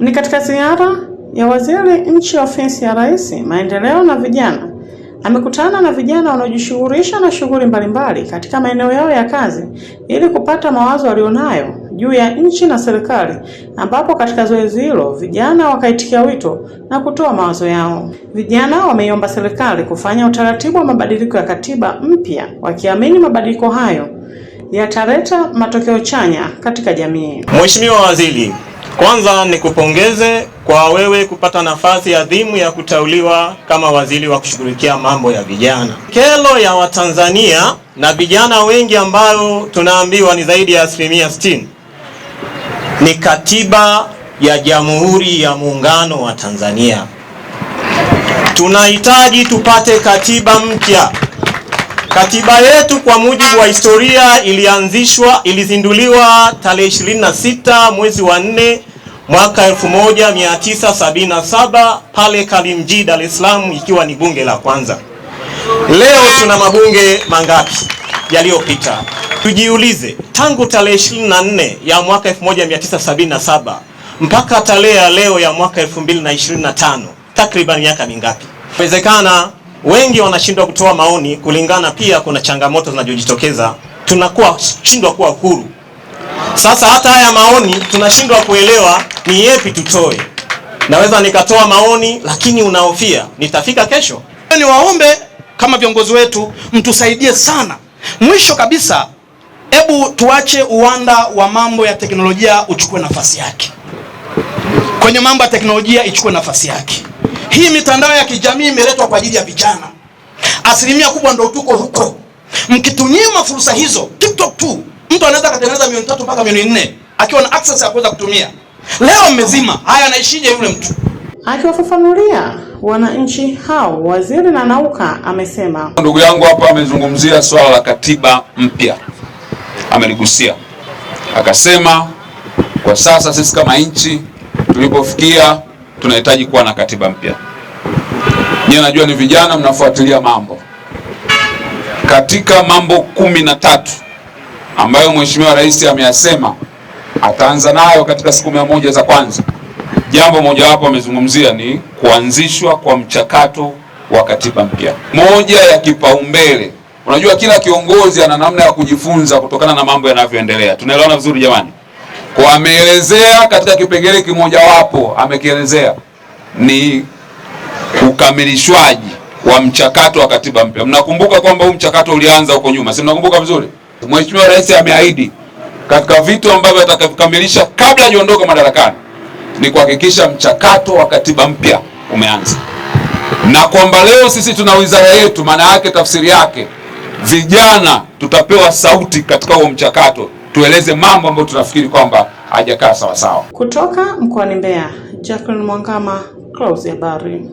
Ni katika ziara ya waziri nchi ya ofisi ya Rais maendeleo na vijana, amekutana na vijana wanaojishughulisha na shughuli mbalimbali katika maeneo yao ya kazi ili kupata mawazo walionayo juu ya nchi na serikali, ambapo katika zoezi hilo vijana wakaitikia wito na kutoa mawazo yao. Vijana wameiomba serikali kufanya utaratibu wa mabadiliko ya katiba mpya, wakiamini mabadiliko hayo yataleta matokeo chanya katika jamii. Mheshimiwa Waziri kwanza nikupongeze kwa wewe kupata nafasi adhimu ya, ya kuteuliwa kama waziri wa kushughulikia mambo ya vijana. Kelo ya Watanzania na vijana wengi ambayo tunaambiwa ni zaidi ya asilimia sitini ni katiba ya Jamhuri ya Muungano wa Tanzania. Tunahitaji tupate katiba mpya. Katiba yetu kwa mujibu wa historia ilianzishwa, ilizinduliwa tarehe 26 mwezi wa 4 mwaka 1977 pale Kalimji, Dar es Salaam, ikiwa ni bunge la kwanza. Leo tuna mabunge mangapi yaliyopita? Tujiulize, tangu tarehe 24 ya mwaka 1977 mpaka tarehe ya leo ya mwaka 2025 takriban miaka mingapi? Inawezekana wengi wanashindwa kutoa maoni kulingana, pia kuna changamoto zinazojitokeza, tunakuwa shindwa kuwa huru sasa hata haya maoni tunashindwa kuelewa ni yepi tutoe. Naweza nikatoa maoni, lakini unahofia nitafika kesho. Ni waombe kama viongozi wetu mtusaidie sana. Mwisho kabisa, hebu tuache uwanda wa mambo ya teknolojia uchukue nafasi yake, kwenye mambo ya teknolojia ichukue nafasi yake. Hii mitandao ya kijamii imeletwa kwa ajili ya vijana, asilimia kubwa ndio tuko huko. Mkitunyima fursa hizo, TikTok tu Mtu anaweza akatengeneza milioni tatu mpaka milioni nne akiwa na access ya kuweza kutumia. Leo mmezima haya, anaishije yule mtu? Akiwafafanulia wananchi hao, waziri nauka amesema, ndugu yangu hapa amezungumzia swala la katiba mpya, ameligusia akasema, kwa sasa sisi kama nchi tulipofikia, tunahitaji kuwa na katiba mpya. Nyie najua ni vijana mnafuatilia mambo, katika mambo kumi na tatu ambayo Mheshimiwa Rais ameyasema ataanza nayo katika siku mia moja za kwanza. Jambo mojawapo amezungumzia ni kuanzishwa kwa mchakato wa katiba mpya, moja ya kipaumbele. Unajua, kila kiongozi ana namna ya kujifunza kutokana na mambo yanavyoendelea. Tunaelewana vizuri jamani? Kwa ameelezea katika kipengele kimojawapo, amekielezea ni ukamilishwaji wa mchakato wa katiba mpya. Mnakumbuka kwamba huu mchakato ulianza huko nyuma, si mnakumbuka vizuri? Mheshimiwa Rais ameahidi katika vitu ambavyo atakavikamilisha kabla hajaondoka madarakani ni kuhakikisha mchakato wa katiba mpya umeanza, na kwamba leo sisi tuna wizara yetu, maana yake tafsiri yake vijana tutapewa sauti katika huo mchakato, tueleze mambo ambayo tunafikiri kwamba hajakaa sawasawa. Kutoka mkoani Mbeya, Jacqueline Mwangama, Clouds Habari.